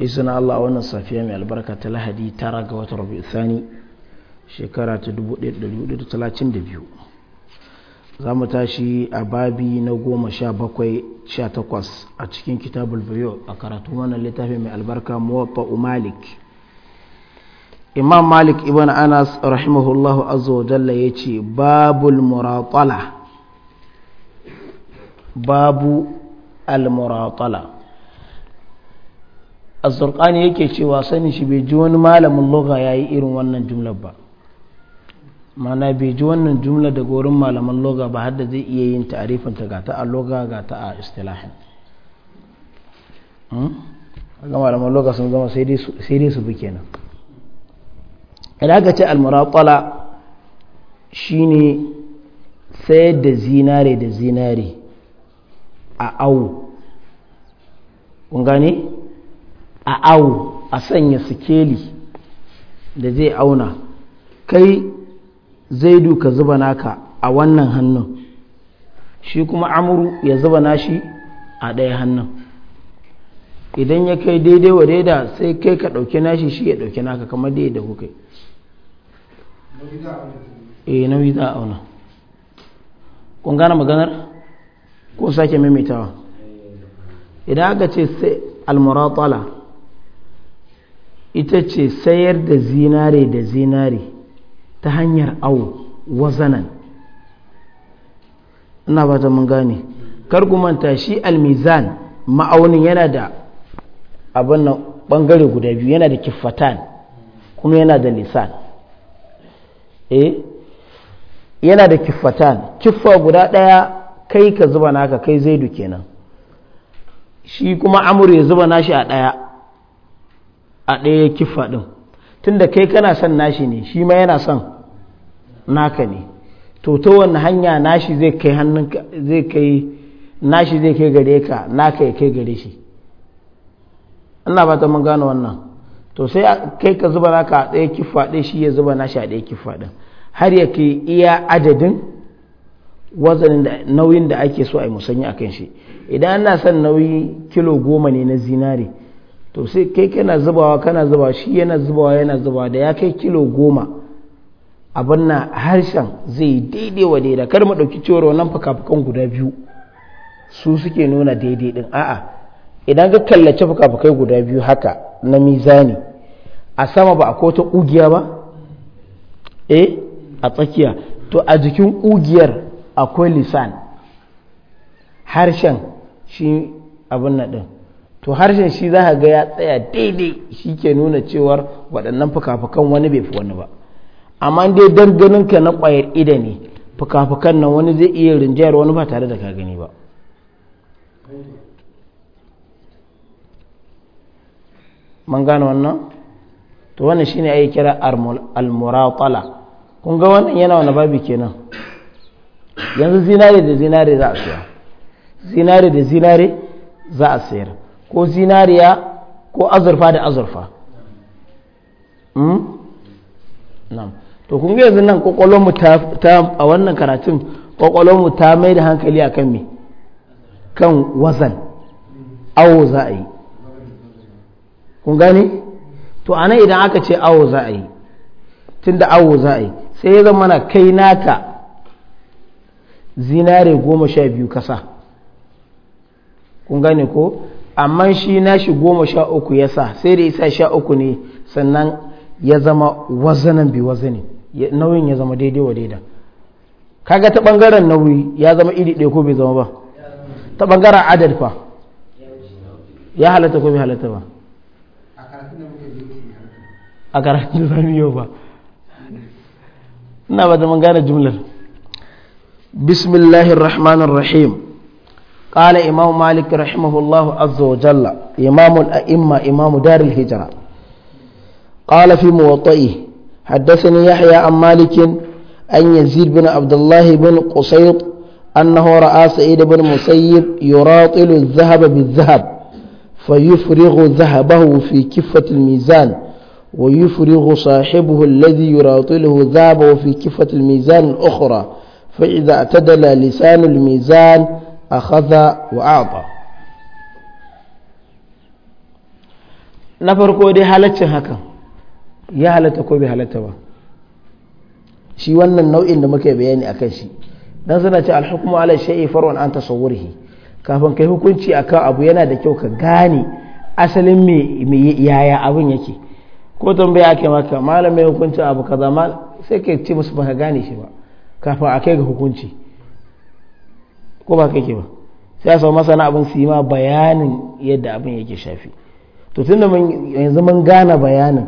izina Allah wannan safiya mai albarka ta lahadi tara ga watan rabi thani shekara ta 1132 za mu tashi a babi na goma sha bakwai sha takwas a cikin kitabul bayo a karatu wannan littafi mai albarka muwatta malik imam malik ibn anas rahimahullahu azza jalla ya ce babul muratala babu al-muratala azurqani yake cewa sanin shi bai ji wani malamin loga ya yi irin wannan jumlar ba mana bai ji wannan jumla daga wurin malaman loga ba har da zai iya yin ga ta a loga ta a istilahin hmm? ga malaman loga sun zama sai dai su bi kenan idan aka ce shi shine sayar da zinare da zinare a awu kun gane a awo a sanya sikeli da zai auna kai zai duka zuba naka a wannan hannun shi kuma amuru ya zuba nashi a ɗaya hannun idan ya kai daidai wa daida sai kai ka ɗauki nashi shi ya ɗauki naka kamar da yadda kuka yi eh, nauyi za a auna kun gane maganar ko sake maimaitawa idan aka ce sai almuratala ita ce sayar da zinare da zinare ta hanyar awo wazanan ina ba ta mun gane manta shi almizan ma'aunin yana da abin nan bangare guda biyu yana da kiffatan kuma yana da lisan eh yana da kifatan kiffa guda ɗaya kai ka zuba naka kai zaidu kenan shi kuma amur ya zuba nashi a ɗaya a ɗaya kifa ɗin tunda kai kana son nashi ne shi ma yana son naka ne to ta wani hanya nashi zai kai hannun zai kai nashi zai kai gare ka naka ya kai gare shi ina ba ta mun gane wannan to sai kai ka zuba naka a ɗaya kifa ɗin shi ya zuba nashi a ɗaya kifa ɗin har ya kai iya adadin wazanin da nauyin da ake so a yi musanya a kan shi idan ana son nauyi kilo goma ne na zinare to sai kai kana zubawa kana zubawa shi yana zubawa yana zubawa da ya kai kilo goma abin na harshen zai daidai wa daidai kar mu ɗauki cewar wannan fuka guda biyu su suke nuna daidai din a'a idan ka kallace fuka guda biyu haka na mizani a sama ba a wata ƙugiya ba eh a tsakiya to a jikin ƙugiyar akwai lisan harshen shi abin na ɗin to harshen shi za ga ya tsaya daidai shi ke nuna cewar waɗannan fuka-fukan wani bai fi wani ba amma dai don ganin ka na ƙwayar ida ne fuka-fukan nan wani zai iya rinjayar wani ba tare da ka gani ba man gane wannan to wannan shine ai kira al-muratala kun ga wannan yana wani babi kenan yanzu zinare da zinare za a siya zinare da zinare za a sayar ko zinariya ko azurfa da azurfa hmm? to kun yanzu nan kwakwalonmu ta a wannan karatun kwakwalonmu ta mai da hankali a kan me kan wazan awo za a yi kun gane to anan idan aka ce awo za a yi tun da awo za a yi sai ya zama na kai naka zinare goma sha biyu kasa kun gane ko amma shi nashi goma sha uku ya sa sai da isa sha uku ne sannan ya zama wazanan bi wazani nauyin ya zama daidai wa daida kaga ta bangaren nauyi ya zama iri ɗaya ko bai zama ba ta bangaren adad fa ya halatta ko bai halatta ba a karatun da zamu yau ba ina ba da mun gane jimlar bismillahirrahmanirrahim قال إمام مالك رحمه الله عز وجل إمام الأئمة إمام دار الهجرة قال في موطئه حدثني يحيى عن مالك أن يزيد بن عبد الله بن قسيط أنه رأى سعيد بن مسيب يراطل الذهب بالذهب فيفرغ ذهبه في كفة الميزان ويفرغ صاحبه الذي يراطله ذهبه في كفة الميزان الأخرى فإذا اعتدل لسان الميزان akhadha wa a'ta na farko dai halaccin hakan ya halatta ko bai halatta ba shi wannan nau'in da muke bayani akan shi dan suna ce alhukmu ala shay'i farwan an tasawwurihi kafin kai hukunci akan abu yana da kyau ka gane asalin me yaya abun yake ko tambaya ake maka malam mai hukunci abu kaza mal sai ka ce musu baka gane shi ba kafin a kai ga hukunci ko ba kake ba sai a samu masana abin su yi ma bayanin yadda abin yake shafi to tun da yanzu mun gane bayanin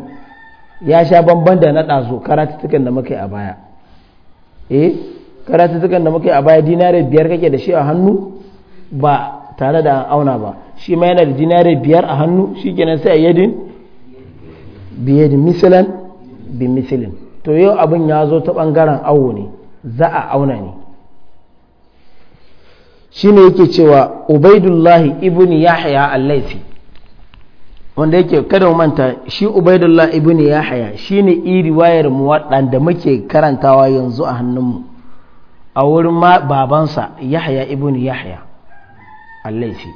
ya sha bamban da na ɗazu karatuttukan da muka yi a baya eh karatuttukan da muka yi a baya dinare biyar kake da shi a hannu ba tare da an auna ba shi ma yana da dinare biyar a hannu shi kenan sai a yadin biyadin misalan bi misalin to yau abin ya zo ta ɓangaren awo ne za a auna ne shine yake cewa Ubaidullah ibn yahya al laythi wanda yake kada manta shi ubaidullah ibn yahya shine wayar mu da muke karantawa yanzu a hannunmu a wurin ma babansa yahya ibn yahya al laythi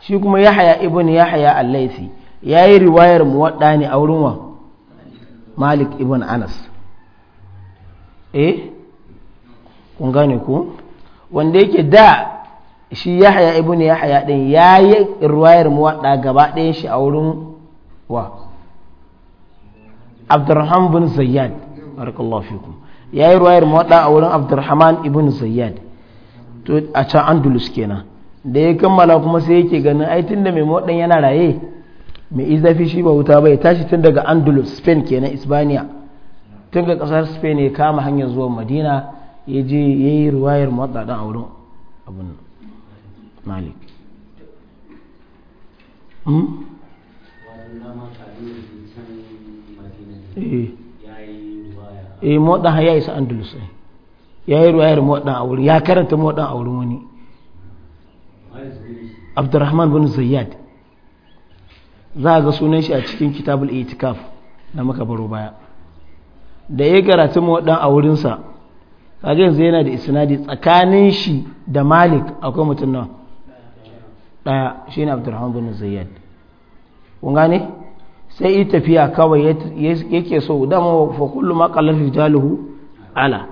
shi kuma yahya ibn yahya al laythi yayi riwayar mu wadani ne a wurin wa malik ibn anas eh kun gane ku wanda yake da shi ya ibn ɗin ya yi ruwayar muwaɗa gaba ɗayan shi a wurin wa abdurrahman bin zayyad barakallahu fikum yi ruwayar muwaɗa a wurin abdurrahman ibn zayyad to a can andalus kenan da ya kammala kuma sai yake ganin ai tunda mai muwaɗan yana raye mai izafi shi ba wuta ba ya tashi tun daga andalus spain kenan isbaniya tun ga kasar spain ya kama hanyar zuwa madina ya je yi ruwayar muwadda a wurin malik hmm? eh, eh ya isa andalus eh. ya yi ruwayar a wurin ya karanta moɗa a wani abdurrahman bin zayyad za ga sunan shi a cikin kitabul itikaf na muka baro baya da ya karatu moɗa a wurinsa kaga yanzu yana da isnadi tsakanin shi da malik akwai mutum nawa ɗaya shi ne abdurrahman bin zayyad kun gane sai yi tafiya kawai yake so dama fa kullu ma qallat rijaluhu ala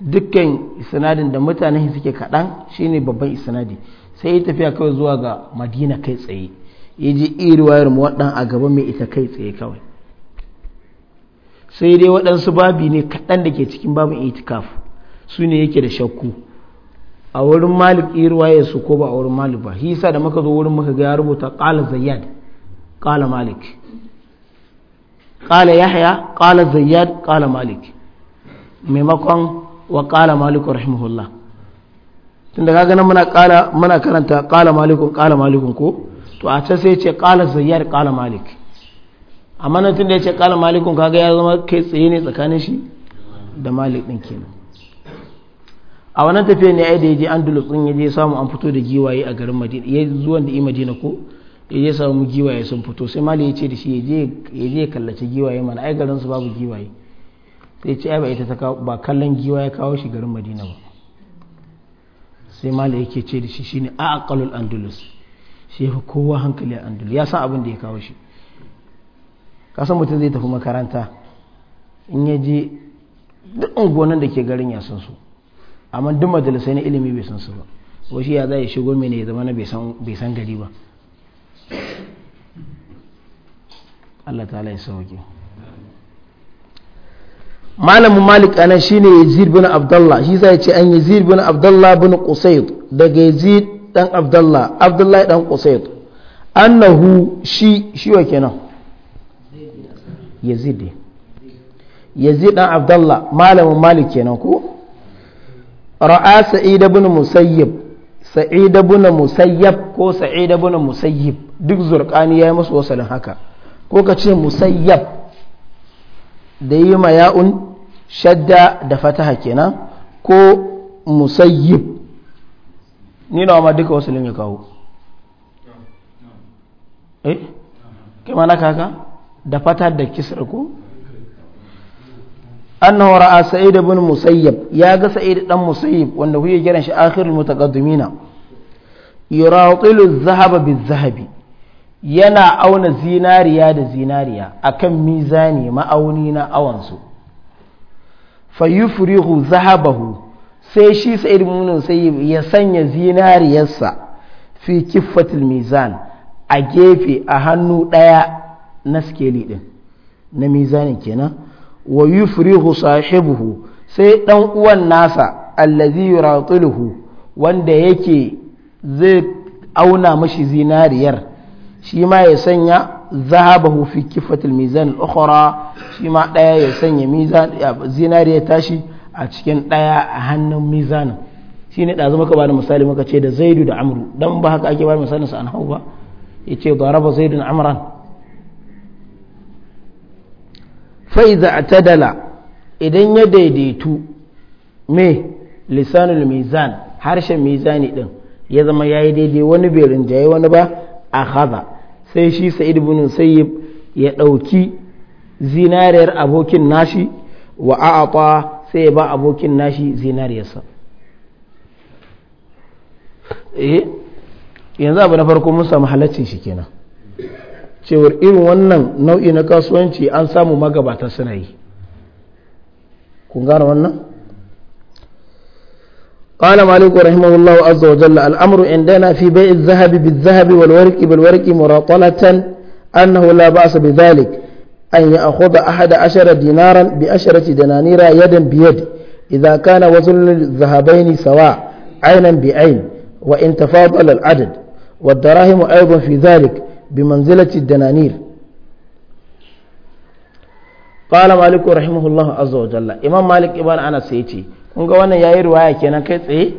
dukkan isnadin da mutane suke kaɗan shine babban isnadi sai yi tafiya kawai zuwa ga madina kai tsaye ya ji iriwayar waɗan a gaba mai ita kai tsaye kawai sai dai waɗansu babi ne kaɗan da ke cikin babin itikaf su ne yake da shakku a wurin malik ya su ko ba a wurin malik ba hisa da muka zo wurin muka ga ya rubuta qala zayyad qala malik qala yahya qala zayyad qala malik maimakon wa qala malik rahimahullah tunda kaga nan muna qala muna karanta qala malikun qala malikun ko to a can sai ce qala zayyad qala malik amma nan tunda ya ce qala malikun kaga ya zama kai tsaye ne tsakanin shi da malik din kenan a wannan tafiya ne ai da yaje andalus din yaje samu an fito da giwaye a garin madina ya zuwan da yi madina ko yaje samu giwaye sun fito sai mali ya ce da shi yaje yaje kallace giwaye mana ai garin su babu giwaye sai ya ce ai ba ita ta ba kallon giwaye kawo shi garin madina ba sai mali yake ce da shi shine aqalul andalus shi ya kowa hankali a andalus ya san abin da ya kawo shi kasan mutum zai tafi makaranta in ya je duk unguwannin da ke garin ya san su amma duk majalisai na ilimi bai san su ba ko shi ya za ya shigo mene ya zama na bai san gari ba Allah ta ya sauke malamin malik anan shine yazid bin abdullah shi za ce an yazid bin abdullah bin qusayd daga yazid dan abdullah abdullah dan qusayd annahu shi shi wa kenan yazid yazid dan abdullah malamin malik kenan ko ra'a sa'id ibn musayyib sa'id ibn musayyab ko sa'id ibn musayyib duk zurqani yayi musu wasalin haka ko ka ce musayyab da yi ma ya'un shadda da fataha kenan ko musayyib ni na ma duka wasalin ya kawo eh kai ma na kaka da fataha da kisra ko annahu ra'a sa'id ibn musayyab ya ga sa'id dan musayyab wanda kuke kiran shi akhirul mutaqaddimina yuratilu adh-dhahaba bidh-dhahabi yana auna zinariya da zinariya a kan mizani ma'auni na awansu fayufrihu zahabahu sai shi sa'id ibn musayyib ya sanya zinariyarsa fi kiffatil mizan a gefe a hannu ɗaya na skeli ɗin. na mizanin kenan wa yufrihu sahibuhu sai dan uwan nasa allazi yuratuluhu wanda yake zai auna mashi zinariyar shi ma ya sanya zahabahu fi kifatil mizan al-ukhra shi ma daya ya sanya mizan zinariyar tashi a cikin daya a hannun mizan shi ne zama maka bada misali muka ce da zaidu da amru dan ba haka ake bada misalin an hau ba yace daraba zaidun amran fa'iza a tadala idan ya daidaitu me lisanul mizan harshen mizani din ya zama ya yi daidai wani bai rinjaye wani ba a haza sai shi sa'id bin sayyib ya ɗauki zinariyar abokin nashi wa a'ata sai ya ba abokin nashi zinariyarsa eh yanzu abu na farko mun samu halaccin shi kenan cewar irin wannan nau'i na kasuwanci an samu magabata suna yi kun gane wannan قال مالك رحمه الله عز وجل الأمر عندنا في بيع الذهب بالذهب والورق بالورق مراطلة أنه لا بأس بذلك أن يأخذ أحد عشر دينارا بعشرة دنانير يدا بيد إذا كان وزن الذهبين سواء عينا بعين وإن تفاضل العدد والدراهم أيضا في ذلك بمنزلة الدنانير قال مالك رحمه الله عز وجل إمام مالك إبان أنا سيتي kun ga wannan yayi ruwaya kenan kai tsaye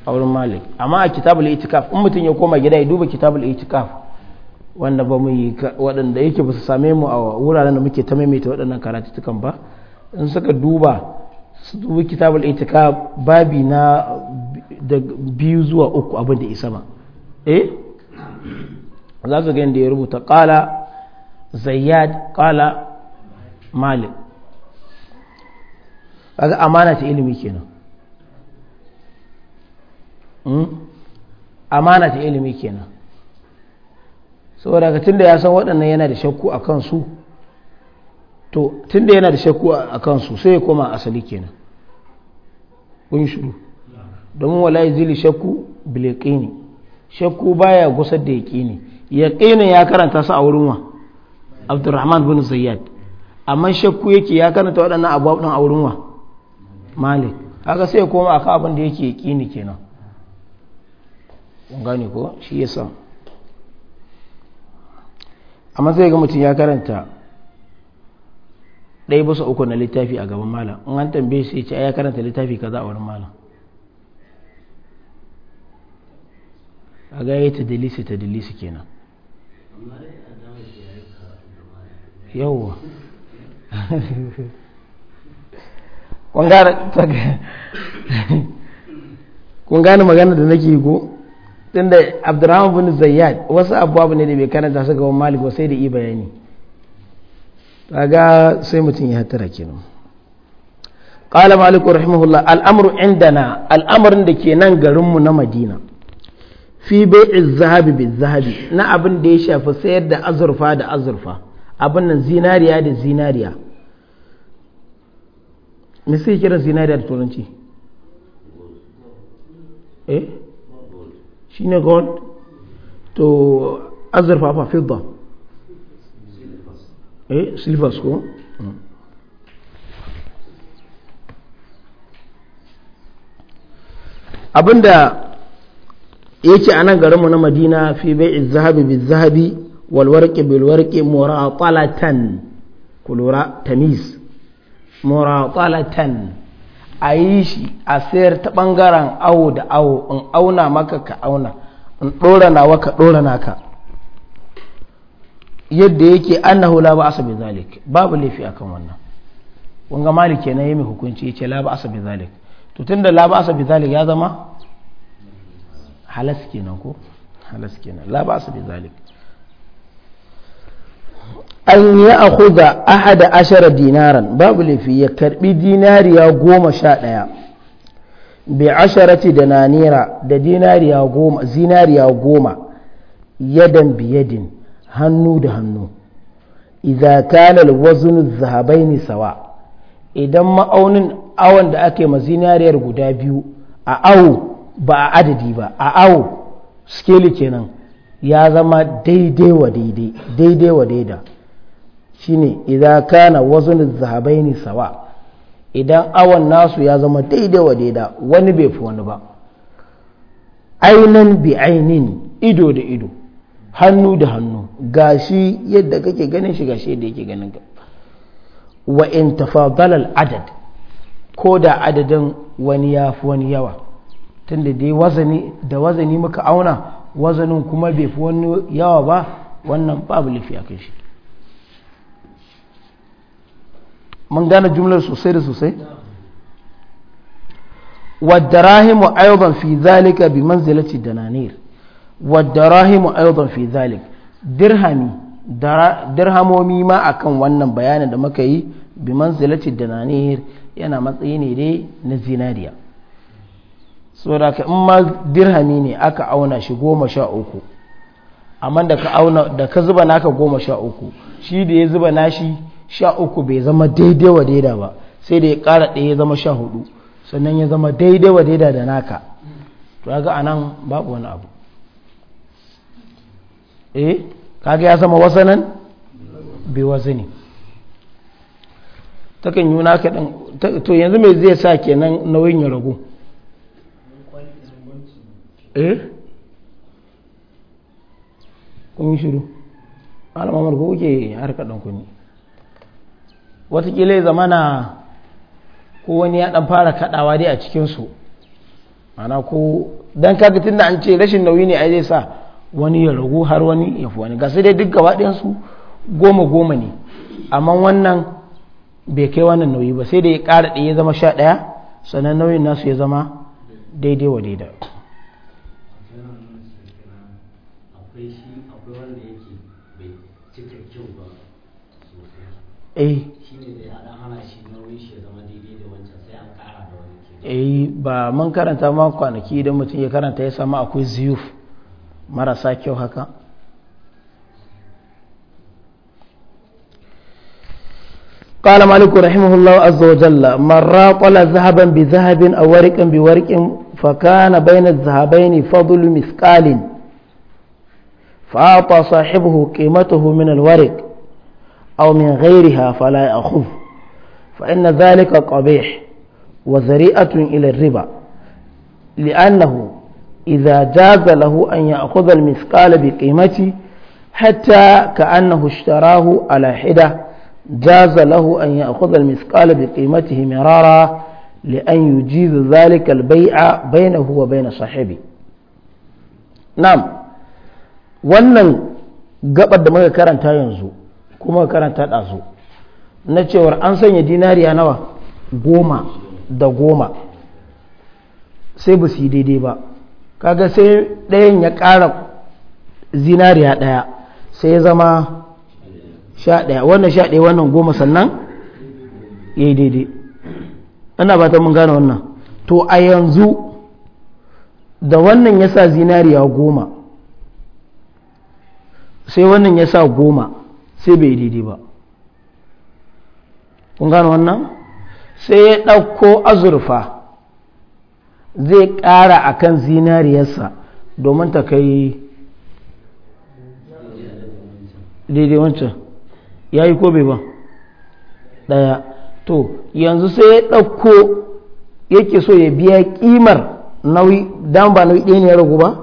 a wurin malik amma a kitabul itikaf in mutum ya koma gida ya duba kitabul itikaf wanda ba mu yi waɗanda yake ba su same mu a wuraren da muke ta maimaita waɗannan karatutukan ba in saka duba su dubi kitabul itikaf babi da biyu zuwa uku abin da isa ba za ka ga da ya rubuta ƙala zayyad ƙala malik kaga amana ta ilimi kenan hmm? amana ta ilimi kenan saboda tun da ya san waɗannan yana da shakku a kansu to tun da yana da shakku a kansu sai ya koma asali kenan kun shuru domin wala zili shakku bilikini shakku baya gusar da yaƙini yaqinin ya karanta su a wurin wa Abdurrahman bin Zayyad amma shakku yake ya karanta waɗannan abubuwa din a wurin wa Malik kaga sai koma akan abin da yake yaqini kenan kun gane ko shi yasa amma sai ga mutum ya karanta ɗaya bisa uku na littafi a gaban malam in an tambaye shi ce ya karanta littafi kaza a wurin malam a ga yi ta dalisi ta dalisi kenan yawwa kun gane magana da nake ko tunda abdurrahman bin zayyad wasu abubuwa ne da bai karanta su gaban malik sai da yi bayani ga sai mutum ya hatara kenan qala malik rahimahullah inda na al'amarin da ke nan garinmu na madina fi bai'iz zahabi bil zahabi na abin da ya shafi sayar da azurfa da azurfa abin nan zinariya da zinariya me sai kira zinariya da turanci eh shine gold to azurfa fa fidda eh silvers ko abinda yake anan garinmu na madina fi bai'i zahabi bil zahabi wal warqi bil warqi muratalatan kulura tamis muratalatan a yi shi a sayar ta bangaren awo da awo in auna maka ka auna in dora nawa ka dora naka yadda yake annahu la ba asabi zalik babu lafi akan wannan kun ga malike na yi mai hukunci yace la ba asabi zalik to tunda la ba asabi zalik ya zama halas kenan ko halas kenan la ba su bi zalik an ya a huda ahada ashara dinaran babu laifi ya karbi dinariya goma sha ɗaya bi asharati da nanira da dinariya goma zinariya goma yadan biyadin hannu da hannu idza kana alwazn alzahabain sawa idan ma'aunin awon da ake ma zinariyar guda biyu a awo ba a adadi ba a awo skeli kenan ya zama daidai wa daidai daidai wa daida shine idan kana wazun zahabaini sawa idan awon nasu ya zama daidai wa daida wani bai fi wani ba ainan bi ainin ido da ido hannu da hannu gashi yadda kake ganin shi gashi yadda yake ganin ka wa in tafadala adad ko da adadin wani ya fi wani yawa tunda dai wazani da wazani muka auna wazanin kuma bai fi wani yawa ba wannan babu lafiya a kan shi mun gane jumlar sosai da sosai fi zalika bi manzilati dananir الدنانير والدراهم أيضا fi zalik dirhami dirhamomi ma akan wannan bayanin da muka yi bi manzilati dananir yana matsayi ne dai na zinariya saboda ka in ma dirhami ne aka auna shi goma sha uku amma da ka auna da ka zuba naka goma sha uku shi da ya zuba nashi sha uku bai zama daidai wa daida ba sai da ya kara ɗaya ya zama sha hudu sannan ya zama daidai wa daida da naka to ga anan babu wani abu eh kaga ya zama nan bai ta takan yi naka ɗan to yanzu mai zai sa kenan nauyin ya ragu eh kun yi shiru alamamar ko kuke harkar ɗan kunni watakila ya zamana ko wani ya ɗan fara kaɗawa dai a cikinsu ana ko don kaga tun an ce rashin nauyi ne a zai sa wani ya ragu har wani ya fi wani gasu dai duk gaba su goma goma ne amma wannan bai kai wannan nauyi ba sai da ya ƙara ɗaya ya zama sha ɗaya sannan nauyin nasu ya zama daidai wa daidai eh eh ba mun karanta ma kwanaki idan mutum ya karanta ya samu akwai ziyuf marasa kyau haka قال مالك رحمه الله عز وجل من a ذهبا بذهب أو ورقا بورق فكان بين الذهبين فضل مثقال فأعطى صاحبه قيمته من الورق أو من غيرها فلا يأخذ فإن ذلك قبيح وذريئة إلى الربا لأنه إذا جاز له أن يأخذ المثقال بقيمته حتى كأنه اشتراه على حدة جاز له أن يأخذ المثقال بقيمته مرارا لأن يجيز ذلك البيع بينه وبين صاحبه نعم ونن قبل ما يكرن تاينزو kuma karanta ɗazu na cewar an sanya dinariya nawa goma da goma sai ba su yi daidai ba kaga sai ɗayan ya ƙara zinariya ɗaya sai ya zama sha ɗaya wannan sha ɗaya wannan goma sannan ya yi daidai ana ba ta mun gane wannan to a yanzu da wannan ya sa zinariya goma sai wannan ya sa goma sai bai daidai ba kun gano wannan sai ya ɗauko azurfa zai ƙara a kan zinariyarsa domin ta kai daidai wancan ya yi ko bai ba ɗaya to yanzu sai ya ɗauko yake so ya biya ƙimar nauyi don ba nauyi ɗaya ne ya ragu ba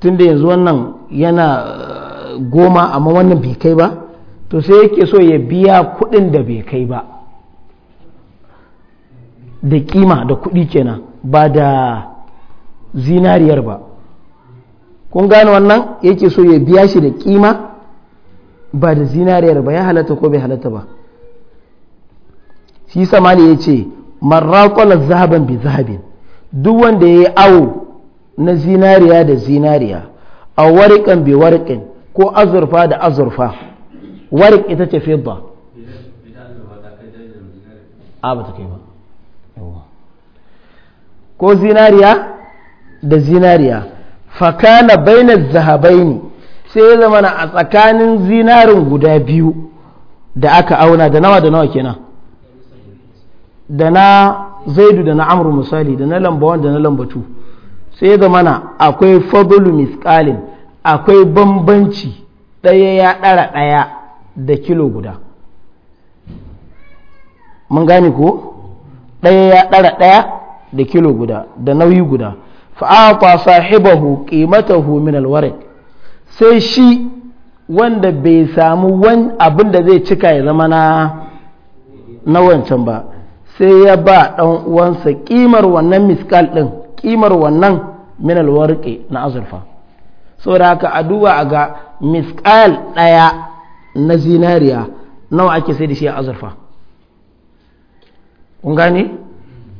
tunda yanzu wannan yana goma amma wannan bai kai ba to sai yake so ya biya kuɗin da bai kai ba da kima da kuɗi kenan ba da zinariyar ba kun gane wannan yake so ya biya shi da kima ba da zinariyar ba ya halatta ko bai halatta ba shi samali ya ce marrakola zahaban bi zahabin duk wanda ya yi awo na zinariya da zinariya a warikan bi warikan ko azurfa da azurfa warik ita ce fidda ba ko zinariya da zinariya fakana baina zahabaini sai ya zama a tsakanin zinarin guda biyu da aka auna da nawa da nawa kenan da na zaidu da na amur misali da na lambawan da na lambatu sai ya zama akwai fadlu miskalin akwai bambanci ɗaya ya ɗara ɗaya da kilo guda mun gane ko ɗaya ya ɗara ɗaya da kilo guda da nauyi guda fa'ata sahibahu qimatahu min alwarik sai shi wanda bai samu wani abin da zai cika ya zama na wancan ba sai ya ba ɗan uwansa ƙimar wannan miskal ɗin ƙimar wannan min alwarike na azurfa saboda haka a duba a ga miskal ɗaya na zinariya nawa ake sai da shi a azurfa kun gane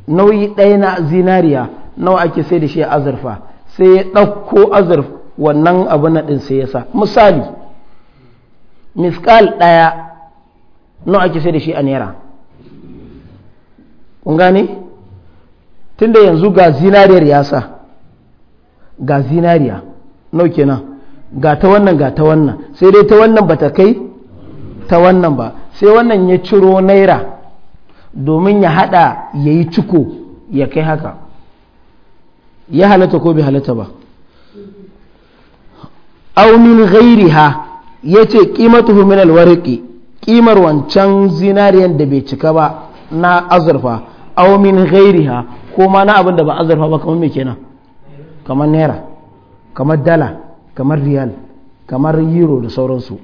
nauyi ɗaya na zinariya nawa ake sai da shi a azurfa sai ya ɗauko azurf wannan na ɗin sai ya sa misali miskal ɗaya nawa ake sai da shi a naira kun gane tunda yanzu ga zinariyar ya sa ga zinariya nau kenan ga ta wannan ga ta wannan sai dai ta wannan ba ta kai ta wannan ba sai wannan ya ciro naira domin ya hada ya yi ciko ya kai haka ya halatta ko bai halatta ba aunin gairi ha ya ce ƙimatuhu min alwariki ƙimar wancan zinariyan da bai cika ba na azurfa aumin gairi ha ko ma na abin da ba azurfa ba kamar mai kenan kamar naira kamar dala kamar riyal kamar euro da sauransu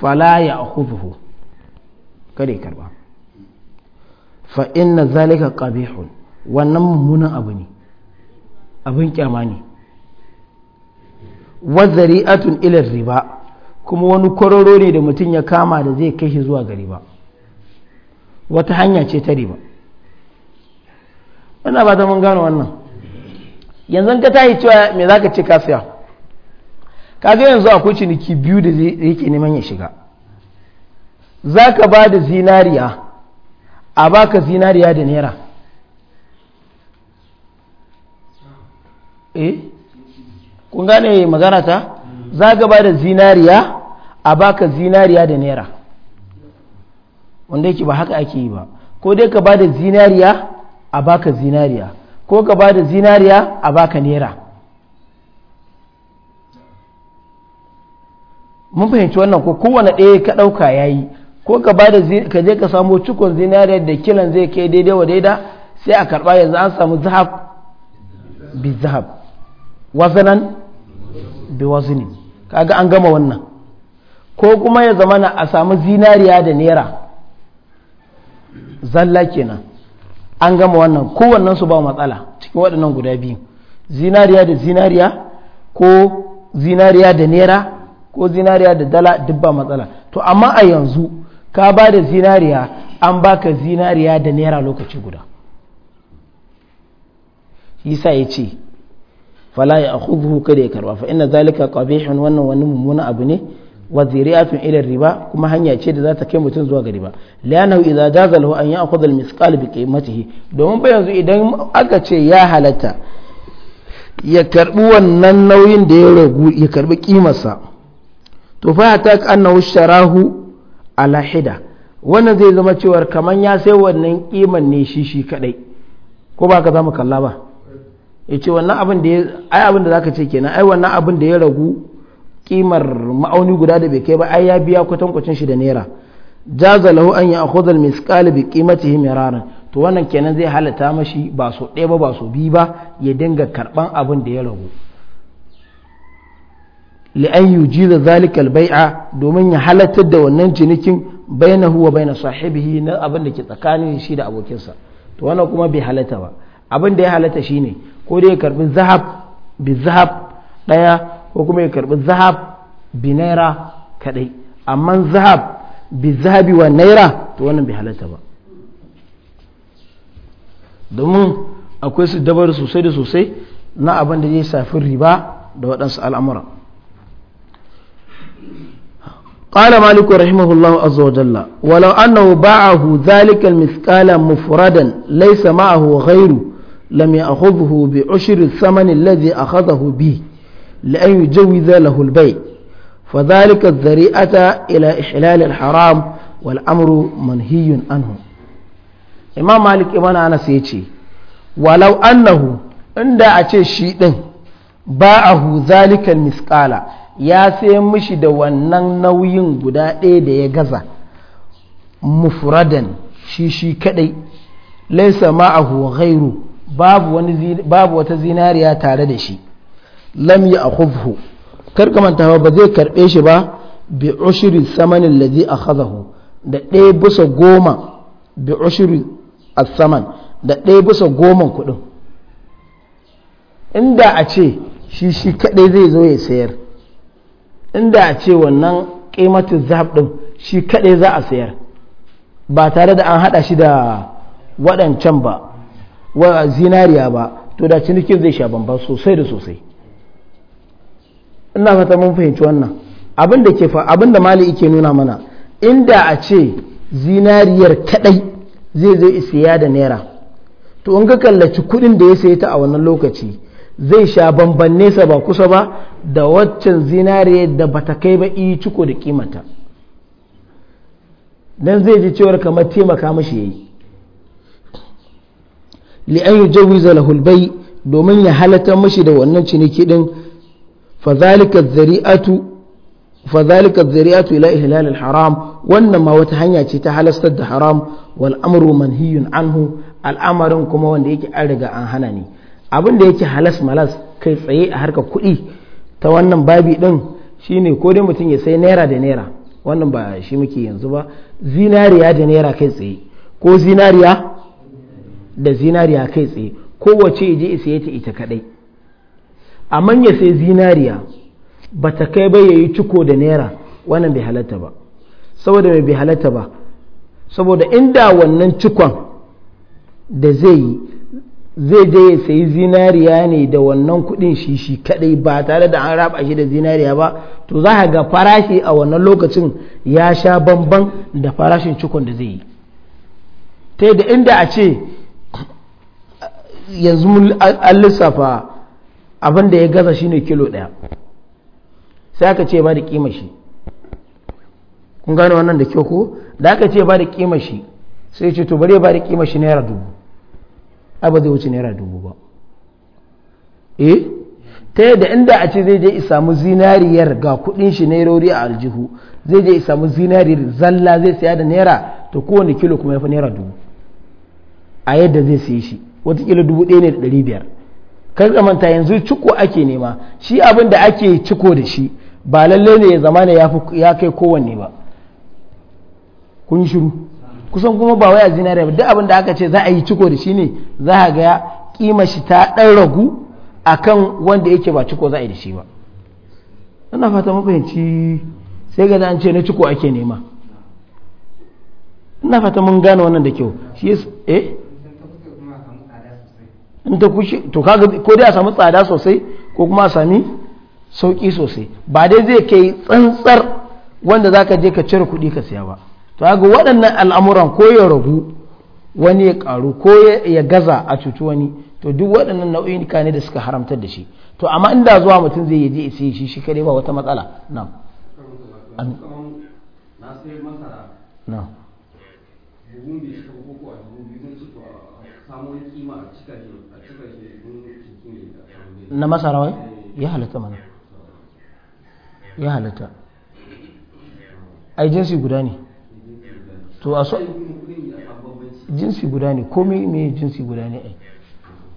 fala ya akhuduhu kada ya karba fa inna zalika qabihun wannan mummunan abu ne abin kyama ne wa zari'atun ila riba kuma wani kororo ne da mutum ya kama da zai kai shi zuwa ga riba wata hanya ce ta riba ina ba ta mun gano wannan yanzu ka yi cewa me za ka ce ka saya yanzu a yanzu akwai ciniki biyu da yake neman ya shiga za ka ba da zinariya a baka zinariya da naira eh kun gane magana ta za ka ba da zinariya a ka zinariya da naira wanda yake ba haka ake yi ba ko dai ka ba da zinariya a baka zinariya ko ka ba da zinariya a baka nera mun fahimci wannan ko kowane ɗaya ka ɗauka ya yi ko ka ba da ka je ka samu cikon zinariya da kilan zai kai daidai wa daida sai a karɓa yanzu an samu zahab bi zahab wazanan bi wazini kaga an gama wannan ko kuma ya zamana a samu zinariya da nera zalla kenan an gama wannan kowannen su ba matsala cikin waɗannan guda biyu zinariya da zinariya ko zinariya da naira ko zinariya da dala duk ba matsala to amma a yanzu ka ba da zinariya an baka zinariya da naira lokaci guda isa ya ce fala ya akhudhu kada ya karba fa inna zalika qabihun wannan wani mummuna abu ne wa ziriyatun ila riba kuma hanya ce da za ta kai mutum zuwa ga riba lanahu idza jaza lahu an ya'khudha al misqal bi qiymatihi domin ba yanzu idan aka ce ya halatta ya karbi wannan nauyin da ya ragu ya karbi kimarsa to fa ta annahu sharahu ala hida wannan zai zama cewa kaman ya sai wannan kiman ne shi shi kadai ko ba ka zamu kalla ba yace wannan abin da ai abin da zaka ce kenan ai wannan abin da ya ragu kimar ma'auni guda da bai kai ba ai ya biya kwatankwacin shi da naira jaza lahu an ya'khudha al-misqal bi qimatihi miraran to wannan kenan zai halata mashi ba so ɗaya ba ba so biyu ba ya dinga karban abin da ya ragu an yujiza zalikal bai'a domin ya halartar da wannan cinikin bainahu wa baina sahibihi na abin da ke tsakanin shi da abokinsa to wannan kuma bai halatta ba abin da ya halatta shine ko dai ya karbi zahab bi zahab daya ko kuma ya karbi zahab bi naira kadai amma zahab bi zahabi wa naira to wannan bai halatta ba domin akwai su dabar sosai da sosai na abin da zai safi riba da waɗansu al'amura قال مالك رحمه الله عز وجل ولو أنه باعه ذلك المثقال مفردا ليس معه غيره لم يأخذه بعشر الثمن الذي أخذه به لأن يجوز له البيع فذلك الذريعة إلى إحلال الحرام والأمر منهي عنه إمام مالك إمام أنس يتي ولو أنه عند أتي شيء باعه ذلك المثقال ya sayan mishi da wannan nauyin guda ɗaya da ya gaza mufradan shishi shi kadai laisa ma'ahu babu wata zinariya tare da shi lam ya akhufhu karka manta ba zai karbe shi ba bi ushri saman alladhi akhadahu da ɗaya bisa goma bi ushri saman da ɗaya bisa goma kuɗin inda a ce shi shi kaɗai zai zo ya sayar inda a ce wannan ƙimatin zahab ɗin shi kaɗai za a sayar ba tare da an haɗa shi da waɗancan ba wa zinariya ba to da cinikin zai sha bamban sosai da sosai ina fata mun fahimci wannan abin da ke fa abin da mali ke nuna mana inda a ce zinariyar kadai zai zai siya da naira to in ka kallaci kudin da ya sayi ta a wannan lokaci zai sha bamban nesa ba kusa ba da waccan zinariyar da bata kai ba i ciko da kimanta dan zai ji cewar kamar taimaka mashi yayi li an yujawiza lahu domin ya halatta mashi da wannan ciniki din فذلك الذريئة فذلك الذريئة إلى إهلال الحرام وإنما وتهنيا تتحل استد حرام والأمر منهي عنه الأمر كما ونديك أرجع عن هناني abin da yake halas malas kai tsaye a harkar kuɗi ta wannan babi ɗin shine ko dai mutum ya sai naira da naira wannan ba shi muke yanzu ba zinariya da naira kai tsaye ko zinariya da zinariya kai tsaye ko wace je isa ta ita kadai a manya sai zinariya ba ta kai bai yayi ciko da naira wannan bai halatta ba saboda mai bai halatta ba saboda inda wannan cikon da zai yi zai je ya sayi zinariya ne da wannan kudin shishi shi kadai ba tare da an raba shi da zinariya ba to za ka ga farashi a wannan lokacin ya sha bamban da farashin cikon da zai yi ta da inda a ce yanzu an lissafa abin da ya gaza shine kilo ɗaya sai aka ce ba da kima shi kun gane wannan da kyau ko da aka ce ba da kima shi sai ce to bare ba da kima shi naira dubu ba zai wuce naira dubu ba eh ta yadda inda a ce zai je mu zinariyar ga kudin shi nairori a aljihu zai je mu zinariyar zalla zai saya da naira to kowane kilo kuma ya fi naira dubu a yadda zai sayi shi watakila dubu ɗaya ne da ɗari biyar kar zamanta yanzu ciko ake nema shi abin da ake ciko da shi ba lalle ne ya zama ne ya kai kowanne ba kun shiru kusan kuma ba wai a zinariya ba duk abin da aka ce za a yi ciko da shi ne za a ga kima shi ta dan ragu akan wanda yake ba ciko za a yi da shi ba ina fata mafahimci sai ga an ce na ciko ake nema ina fata mun gane wannan da kyau shi eh in ta to kaga ko dai a samu tsada sosai ko kuma a sami sauki sosai ba dai zai kai tsantsar wanda zaka je ka cire kuɗi ka siya ba to kaga waɗannan al'amuran ko ya ragu wani ya ƙaru ko ya gaza a cutu wani to duk waɗannan nau'in ka ne da suka haramta da shi to amma inda zuwa mutum zai yi isi shi shi kare ba wata matsala na na bugun shiga a biyu samu kima a cika na masarawa ya halatta mana ya halatta ai jinsi guda ne to a so jinsi guda ne komai mai jinsi guda ne ai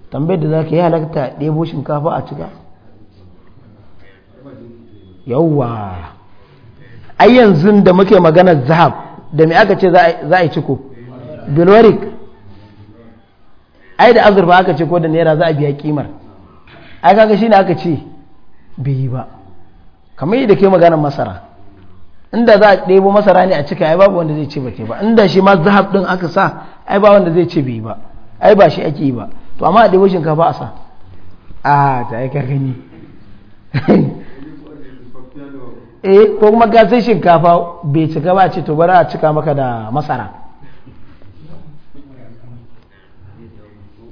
tambayar da za ka yi halatta ɗebo shinkafa a cika yawwa ai yanzu da muke magana zahab da mai aka ce za a yi ciko bilwarik ai da azurfa aka ce ko da naira za a biya kimar ai kaga shine aka ce bai yi ba kamar yadda kai maganar masara inda za a ɗebo masara ne a cika ai babu wanda zai ce ba ke ba inda shi ma zahab din aka sa ai ba wanda zai ce bai yi ba ai ba shi ake yi ba to amma a ɗebo shinkafa a sa a ta yi gani eh ko kuma gasar shinkafa bai cika ba ce to bari a cika maka da masara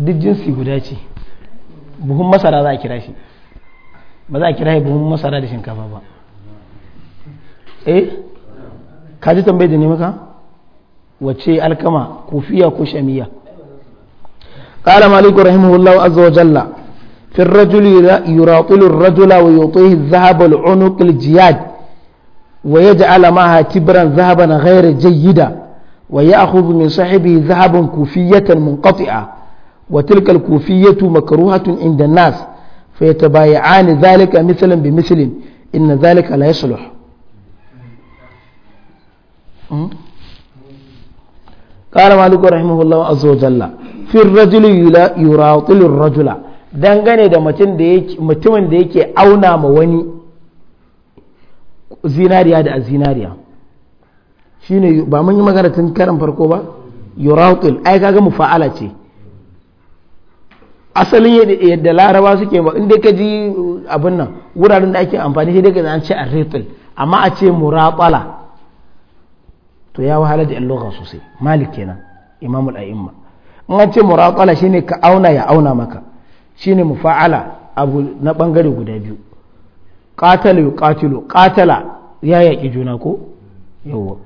duk jinsi guda ce buhun masara za a kira shi ba za a kira shi buhun masara da shinkafa ba eh ka ji tambayi da ne maka wace alkama kufiya ko shamiya قال مالك رحمه الله عز وجل في الرجل يراطل الرجل ويعطيه الذهب العنق الجياد ويجعل معها تبرا ذهبا غير جيدا ويأخذ من صاحبه ذهبا كوفية منقطعة وتلك الكوفية مكروهة عند الناس فيتبايعان ذلك مثلا بمثل إن ذلك لا يصلح قال مالك رحمه الله عز وجل في الرجل يراطل الرجل dangane da mutumin da yake auna ma wani zinariya da zinariya shine ba mun yi magana tun karan farko ba yurautil ai kaga mufa'ala ce asalin yadda laraba suke ba inda ka ji abin nan wuraren da ake amfani shi daga an a ritil amma a ce muraɓala to ya wahala da 'yan lugha sosai malik kenan imamul a'imma in an ce muraƙala shine ka auna ya auna maka shine mufa'ala abu na bangare guda biyu qatala yuqatilu qatala ya yaki juna ko yawa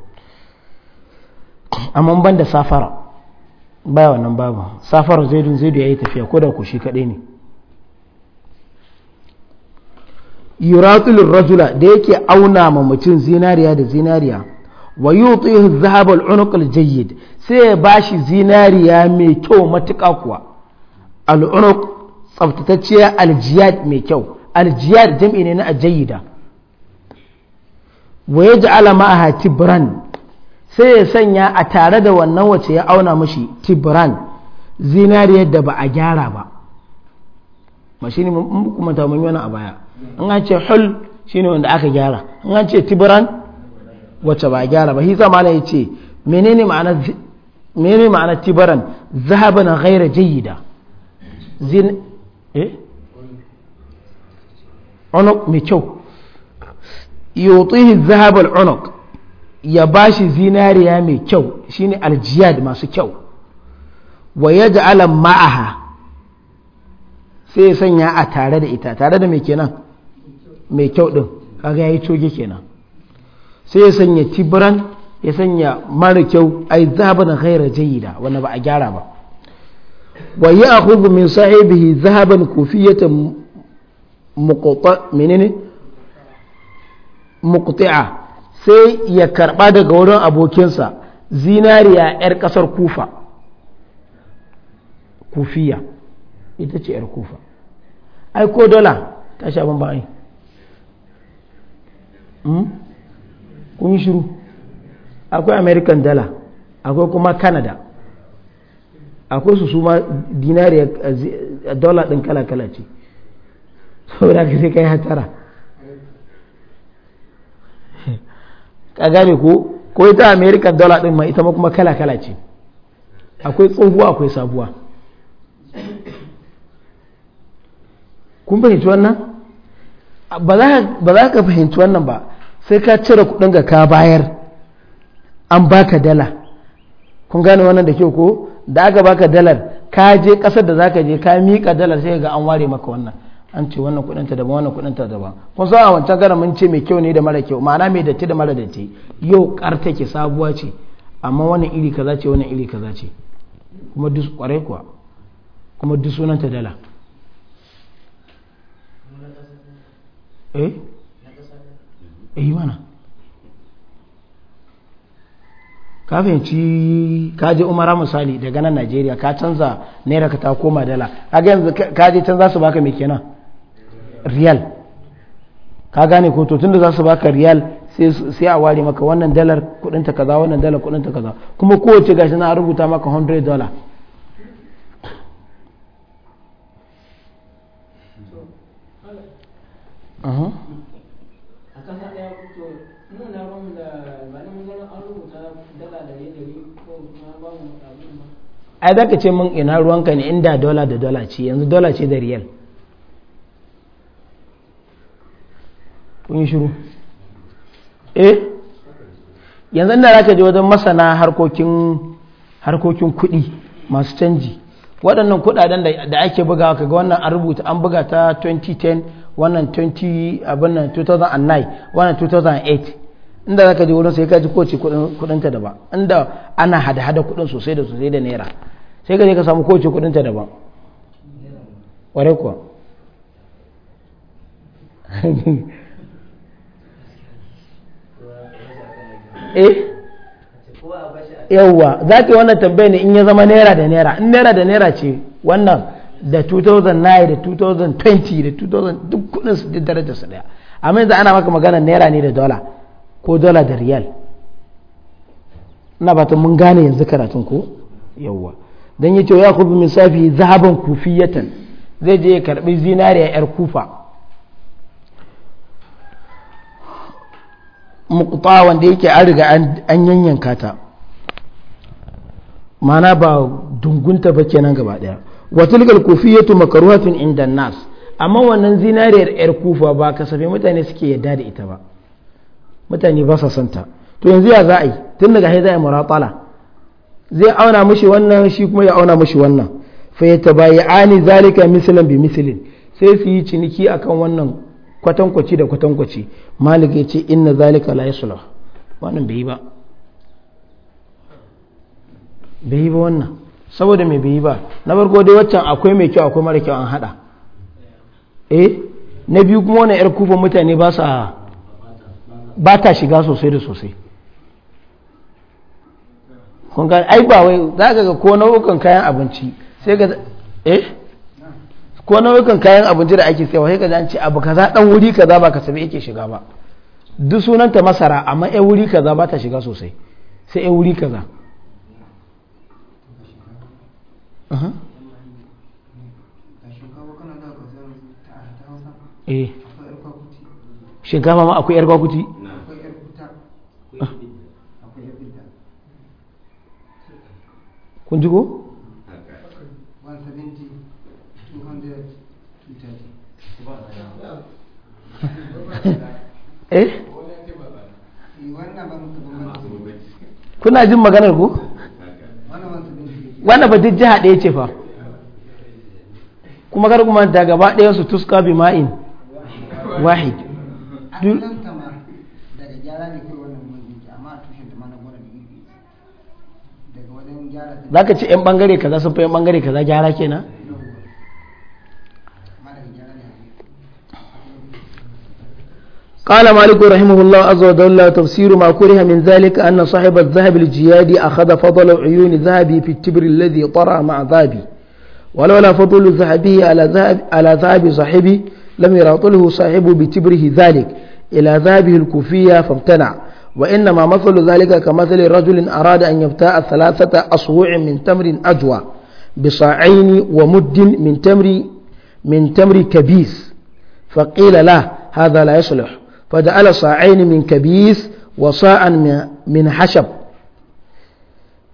amma ban da safara wa wannan babu safar zaidun zaidu ya yi tafiya ko da ku shi kaɗai ne yuratul rajula da yake auna ma mutum zinariya da zinariya wa yutihi zahabal unuqal jayyid sai ya bashi zinariya mai kyau matuƙa kuwa al unuq tsaftatacciya jiyad mai kyau jiyad jam'i ne na jayyida wa yaj'ala ma'aha tibran sai ya sanya a tare da wannan wace ya auna mashi tibran zinariyar da ba a gyara ba ba shi ne manta mun yana a baya an an ce hul shi ne wanda aka gyara an an ce tibran wace ba a gyara ba hisa mala ya ce menene ma'ana tibaran zahaban ghaira jayyida zin eh mai kyau yutihi zahabal unuk ya ba shi zinariya mai kyau shine aljiyad masu kyau wa ya ja'ala ma'aha sai ya sanya a tare da ita tare da mai kenan mai kyau din kaga yayi coge kenan sai ya sanya tibran ya sanya mara kyau ai zahaban ghaira jayyida wanda ba a gyara ba wa ya'khudhu min sahibihi zahaban kufiyatan muqta menene muqti'a sai ya karɓa daga wurin abokinsa zinariya 'yar ƙasar kufa kufiya ita ce 'yar kufa ai ko dola ta sha ban ba'ai hmm? kun yi shiru akwai american dala akwai kuma canada akwai su suma dinariya eh, dola ɗin kala-kala ce saboda ka sai ka yi hatara ka gane ko ko ita america dollar din ma ita ma kuma kala kala ce akwai tsohuwa akwai sabuwa kun fahimci wannan ba za ka fahimci wannan ba sai ka cire kudin ga ka bayar an baka dala kun gane wannan da kyau ko da aka baka dalar ka je kasar da za ka je ka miƙa dalar sai ga an ware maka wannan an ce wannan kudin ta daban wannan kudin ta daban kun san a wancan gara mun ce mai kyau ne da mara kyau ma'ana mai datti da mara datti yau kar take sabuwa ce amma wannan iri kaza ce wannan iri kaza ce kuma duk kwarai kuwa kuma duk sunan ta dala eh eh mana ka fahimci ka je umara misali daga nan najeriya ka canza naira ka ta koma dala kaga yanzu ka je can za su baka mai kenan riyal ka gane ko to tunda za su baka riyal sai a ware maka wannan dalar kudin ta kaza wannan dalar kudin ta kaza kuma kowace gashi na rubuta maka 100 dollar a za ka ce min ina ruwanka ne inda dola da dola ce yanzu dola ce da riyal kun yi shiru eh yanzu ina zaka je wajen masana harkokin harkokin kuɗi masu canji waɗannan kuɗaɗen da ake buga kaga wannan an rubuta an buga ta 2010 wannan 20 abin nan 2009 wannan 2008 inda zaka je wurin sai ka ji kowace ta daban inda ana hada-hada kuɗin sosai da sosai da naira sai ka je ka samu kowace ta daban ware kuwa Eh? yawwa za ki wannan tambayar ne in ya zama naira da naira in naira da naira ce wannan da 2009 da 2020 da 2000 duk kudin su darajar su daya amma yanzu ana maka magana naira ne da dola ko dola da riyal ina batun mun gane yanzu karatun ko yawwa yi cewa ya kubi misafi zahaban kufiyatan zai je ya karbi zinariya yar kufa muqta wanda yake an riga an yanyanka ta mana ba dungunta ba kenan gaba daya ya tilkal kufiyatu makruhatun inda nas amma wannan zinariyar yar kufa ba kasafe mutane suke yadda da ita ba mutane ba sa santa to yanzu ya za a yi tun daga hai za muratala zai auna mashi wannan shi kuma ya auna mashi wannan fa ya tabayyani zalika misalin bi misalin sai su yi ciniki akan wannan kwatankwaci da kwatankwaci malik ya ce inna zalika la yuslah wannan bai yi ba bai ba wannan saboda mai bai yi ba na farko dai waccan akwai mai kyau akwai mara kyau an hada eh na biyu kuma wani yar kufa mutane ba sa ba ta shiga sosai da sosai kun ga ai ba wai za ka ga ko nau'ukan kayan abinci sai ga eh ko nau'ikan kayan abinci da ake sayawa sai ka an ce abu kaza dan wuri kaza ba ka sabi yake shiga ba duk sunanta masara amma ai wuri kaza ba ta shiga sosai sai ai wuri kaza eh shinkafa ma akwai yar kwakuti kun ji ko? eh kuna jin maganar ku wannan ba duk jiha ɗaya ce fa kuma kar kuma da gaba ɗaya su tuska bi ma'in wahid za ka ce 'yan bangare kaza su fi 'yan bangare kaza gyara kenan قال مالك رحمه الله عز وجل تفسير ما كره من ذلك أن صاحب الذهب الجيادي أخذ فضل عيون ذهبي في التبر الذي طرى مع ذهبي ولولا فضل ذهبه على ذهب على ذهب صاحبي لم يراطله صاحبه بتبره ذلك إلى ذهبه الكوفية فامتنع وإنما مثل ذلك كمثل رجل أراد أن يبتاع ثلاثة أصوع من تمر أجوى بصاعين ومد من تمر من تمر كبيس فقيل له هذا لا يصلح فجعل صاعين من كبيس وصاعا من حشب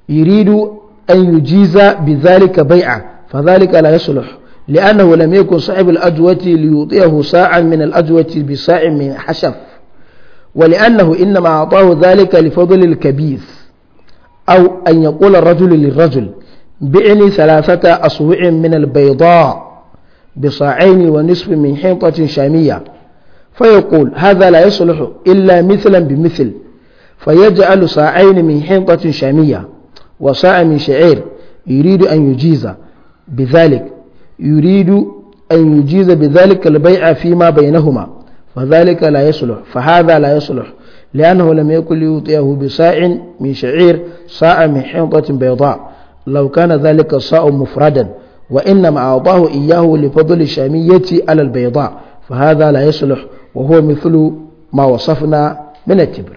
يريد أن يجيز بذلك بيعا فذلك لا يصلح لأنه لم يكن صاحب الأجوة ليعطيه ساعا من الأجوة بساع من حشب ولأنه إنما أعطاه ذلك لفضل الكبيس أو أن يقول الرجل للرجل بعني ثلاثة أصوع من البيضاء بصاعين ونصف من حنطة شامية فيقول هذا لا يصلح إلا مثلا بمثل فيجعل ساعين من حنطة شامية وصاع من شعير يريد أن يجيز بذلك يريد أن يجيز بذلك البيع فيما بينهما فذلك لا يصلح فهذا لا يصلح لأنه لم يكن ليوطئه بصاع من شعير صاع من حنطة بيضاء لو كان ذلك الصاع مفردا وإنما أعطاه إياه لفضل الشامية على البيضاء فهذا لا يصلح wa huwa mithlu ma wasafna min at-tibr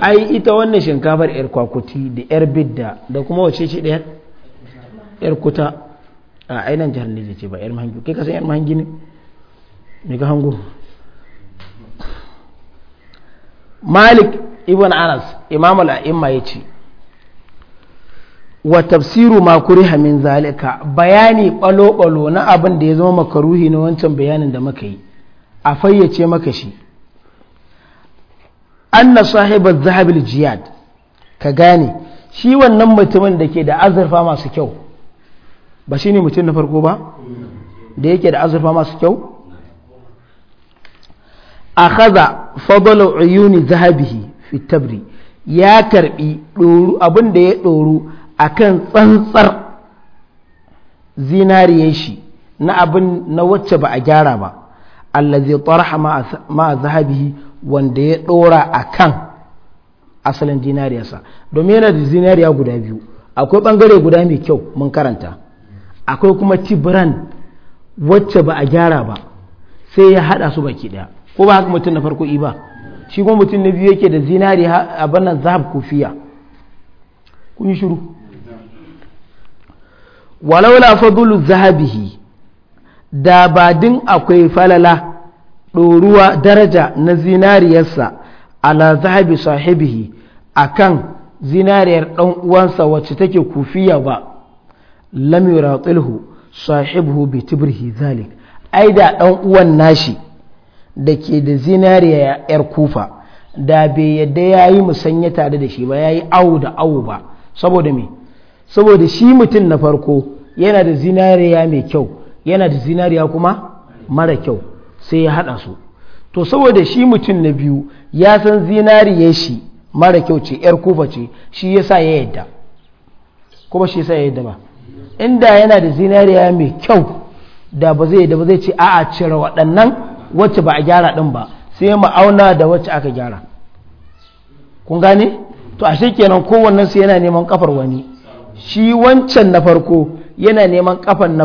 ai ita wannan shinkafar yar kwakuti da yar bidda da kuma wace ce ɗaya yar kuta a ainihin jihar Nijar ce ba yar mahangi kai ka san yar mahangi ne me ka hango Malik ibn Anas imam al-a'imma yace wa tafsiru ma kuriha min zalika bayani balo-balo na abin da ya zama makaruhi na wancan bayanin da muka yi a fayyace maka shi anna sahibar zahabil jiyad ka gane shi wannan mutumin da ke da azurfa masu kyau ba shi mutum na farko ba da yake da azurfa masu kyau a kaza fadalar uyuni zahabihi fi ya karbi abin da ya ɗoru a kan tsantsar zinariyar shi na abin na wacce ba a gyara ba allazi taraha ma zahabi wanda ya dora kan asalin dinariyarsa domin yana da zinariya guda biyu akwai bangare guda mai kyau mun karanta akwai kuma tibran wacce ba a gyara ba sai ya hada su baki daya ko ba haka mutum na farko ba? shi kuma mutum na biyu yake da zinariya a bannan zahab kufiya kun shiru walaula fadlu zahabihi da ba din akwai falala ɗoruwa daraja na zinariyarsa ala zahabi sahibihi akan zinariyar ɗan uwansa wacce take kufiya ba lam yuratilhu sahibuhu bi tibrihi zalik ai da ɗan uwan nashi da ke da zinariya yar kufa da bai yadda yayi musanya tare da shi ba yayi awu da awu ba saboda me saboda shi mutum na farko yana da zinariya mai kyau yana da zinariya kuma mara kyau sai ya haɗa su to saboda shi mutum na biyu ya san zinariya shi mara kyau ce yar kufa ce shi ya sa ya yadda kuma shi sa ya yadda ba inda yana da zinariya mai kyau da ba zai yadda ba zai ce a'a cire waɗannan wacce ba a gyara ɗin ba sai ma'auna da wacce aka gyara kun gane to ashe kenan kowannen su yana neman kafar wani shi wancan na farko yana neman kafan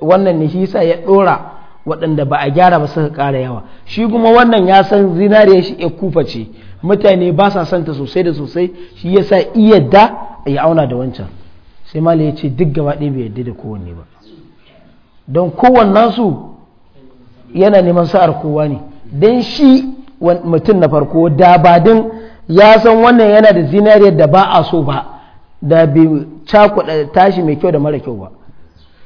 wannan ne ya dora waɗanda ba a gyara ba suka ƙara yawa shi kuma wannan ya san zinariya shi ya kufa ce mutane ba sa santa sosai da sosai shi ya sa iya da a ya auna da wancan sai mali ya ce duk gaba ɗaya bai yarda da kowanne ba don su yana neman sa'ar kowa ne don shi mutum na farko da badin ya san wannan yana da zinariyar da ba a so ba da bai cakuɗa tashi mai kyau da mara kyau ba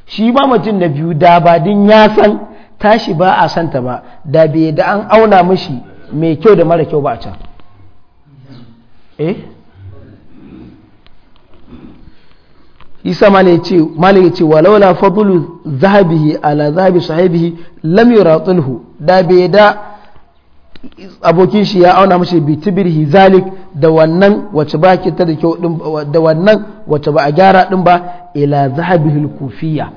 shi ba mutum na biyu da ba din ya san tashi ba a santa ba da bai da an auna mishi mai kyau da mara kyau ba a can eh isa malik ce walaula fadlu zahabihi ala zahabi sahibihi lam yuratulhu da bai da abokin shi ya auna mishi bitibirhi zalik da wannan wace ba ta da kyau din da wannan wace ba a gyara din ba ila zahabihil kufiya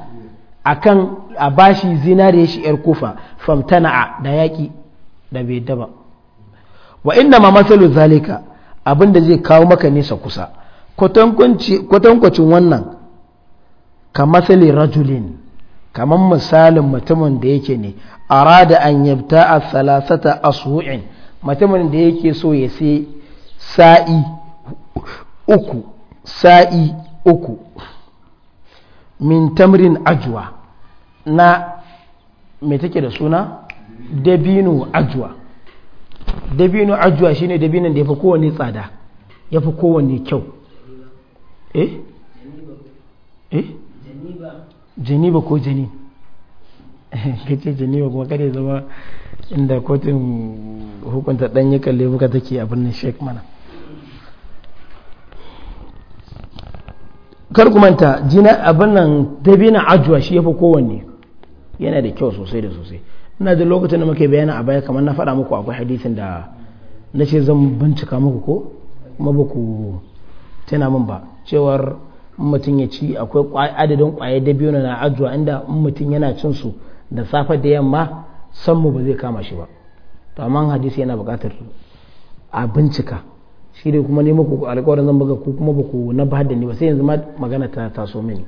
akan a bashi zinare shi yar kufa famtana'a da yaki da bai daba wa inna ma masalu zalika abinda zai kawo maka nesa kusa kwatankwacin wannan ka masali rajulin kamar misalin mutumin da yake ne arada an yabta a salasata ashu'in mutumin da yake so ya sai sa'i uku sa'i uku min tamrin ajuwa na mai take da suna dabino ajuwa dabino ajuwa shine dabinan da ya fi kowane tsada ya fi kowane kyau eh eh janiba ko jani kace janiba kuma kada ya zama inda kotun hukunta ɗanyi kalle buka take abin nan shek mana kar ku manta jina abin nan dabina ajuwa shi fi kowanne yana da kyau sosai da sosai ina da lokacin da muke bayana a baya kamar na faɗa muku akwai hadisin da na ce zan bincika muku ko kuma ba ku tana min ba cewar mutum ya ci akwai adadin kwaye dabino na ajuwa inda mutum yana cin su da safe da yamma san ba zai kama shi ba to amma hadisi yana buƙatar a bincika shi ne kuma nemo ku alƙawarin zan buga ku kuma baku na ba da ni ba sai yanzu ma magana ta taso mini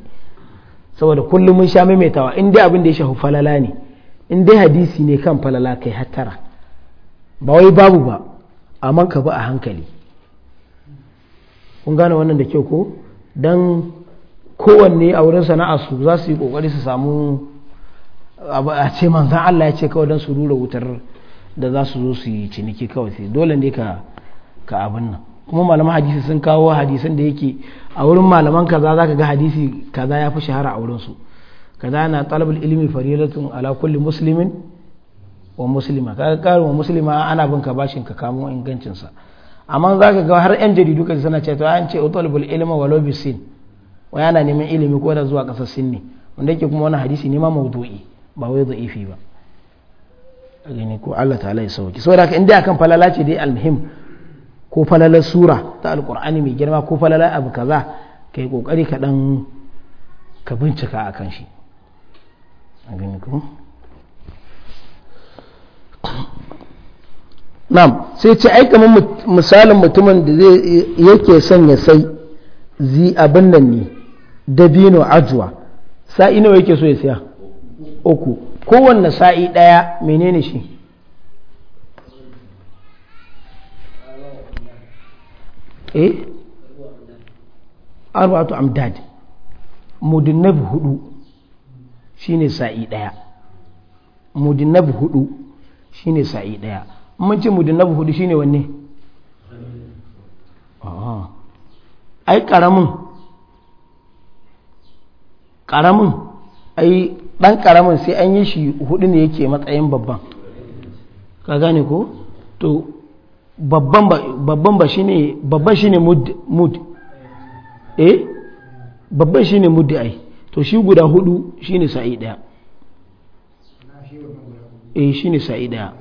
saboda kullum mun sha maimaitawa in dai abin da ya shafi falala ne in dai hadisi ne kan falala kai hattara ba wai babu ba amma ka bi a hankali kun gane wannan da kyau ko dan kowanne a wurin sana'a su za su yi kokari su samu a ce manzan Allah ya ce kawai don su rura wutar da za su zo su yi ciniki kawai dole ne ka ka abin nan kuma malaman hadisi sun kawo hadisan da yake a wurin malaman kaza zaka ga hadisi kaza ya fi shahara a wurin su kaza yana talabul ilmi faridatun ala kulli muslimin wa muslima kaga karin wa muslima ana bin ka bashin ka kamo ingancin sa amma zaka ga har yan jaridu kaji suna cewa an ce talabul ilma walau sin wa yana neman ilimi ko da zuwa kasar sin ne wanda yake kuma wannan hadisi ne ma mawdu'i ba wai da'ifi ba gani ko Allah ta'ala ya sauki saboda haka inda akan falala ce dai almuhim ko falalar sura ta alkur'ani mai girma ko falalar abu kaza ka kokari ka dan ka bincika a kan shi nam sai ce ai kamar misalin mutumin da yake son ya sai zi abin nan ne dabino ajuwa sa'i nawa yake so ya siya uku kowanne sa'i daya menene shi eh arba'atu amdad mudinnab hudu shine sa'i daya mudinnab hudu shine sa'i daya mun ce mudinnab hudu shine wanne ah. ai karamin karamin ai dan karamin sai an yi shi hudu ne yake matsayin babban ka gane ko to babban ba shi ne babban shi ne mud eh babban shi ne mud ai to shi guda hudu shi ne sa'i daya eh ne sa'i daya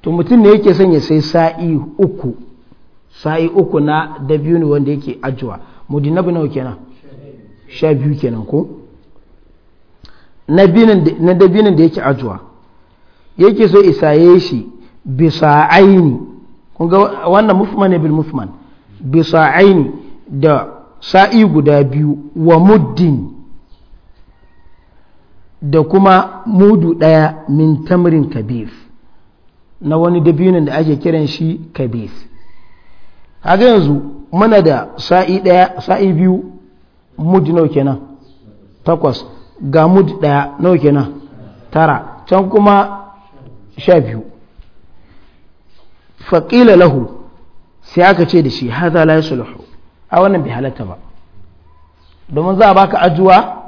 to mutum ne yake sanya sai sa'i uku sa'i uku na da biyu ne wanda yake ajuwa mudinabu nawa kenan sha biyu kenan ko na dabinan da yake ajuwa yake so isaye shi bisa aini kun wannan mufman ne bil mufman bi sa'aini da sa'i guda biyu wa muddin da kuma mudu daya min tamrin kabir na wani dabinin da ake kiran shi kabir haka yanzu muna da sa'i daya sa'i biyu mud nawa kenan takwas ga mud daya nawa kenan tara can kuma sha biyu faƙila lahu sai aka ce da shi haza la ya sulhu a wannan bai halatta ba domin za a baka ajuwa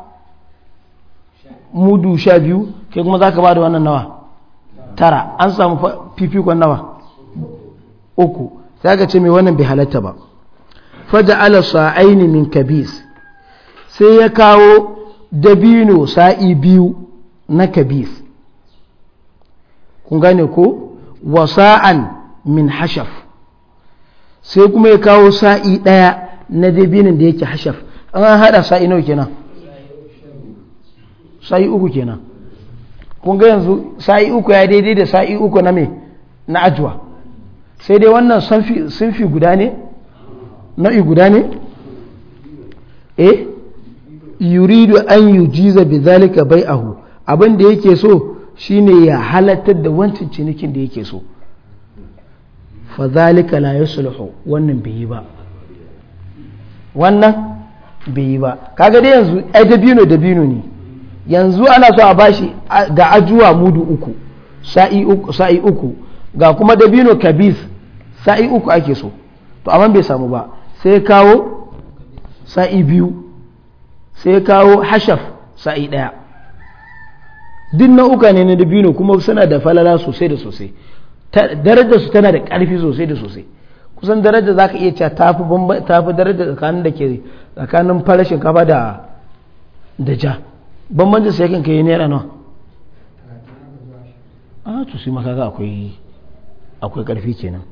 mudu sha biyu kai kuma za ka ba da wannan nawa tara an samu fifikon nawa uku sai aka ce mai wannan bai halatta ba faja ala sa'aini min kabis sai ya kawo dabino sa'i biyu na kabis kun gane ko wasa'an min hashaf sai kuma ya kawo sa'i ɗaya na dabinin da yake hashaf an haɗa sa'i nau kenan sa'i uku kenan kun ga yanzu sa'i uku ya daidai da sa'i uku na me na ajuwa sai dai wannan sunfi guda ne nau'i guda ne eh yuridu an yujiza bi zalika bai'ahu abin da yake so shine ya halatar da wancan cinikin da yake so fa zalika la yusluhu wannan bai yi ba wannan bai yi ba kaga dai yanzu ai dabino dabino ne yanzu ana so a bashi ga ajuwa mudu uku sa'i uku sa'i uku ga kuma dabino kabis sa'i uku ake so to amma bai samu ba sai kawo sa'i biyu sai kawo hashaf sa'i ɗaya duk nau'uka ne na dabino kuma suna da falala sosai da sosai darajar su tana da ƙarfi sosai da sosai kusan daraja za ka iya cewa tafi tafi daraja tsakanin da ke tsakanin farashin shinkafa da da ja da sai kan kai naira nawa a to sai maka ga akwai akwai ƙarfi kenan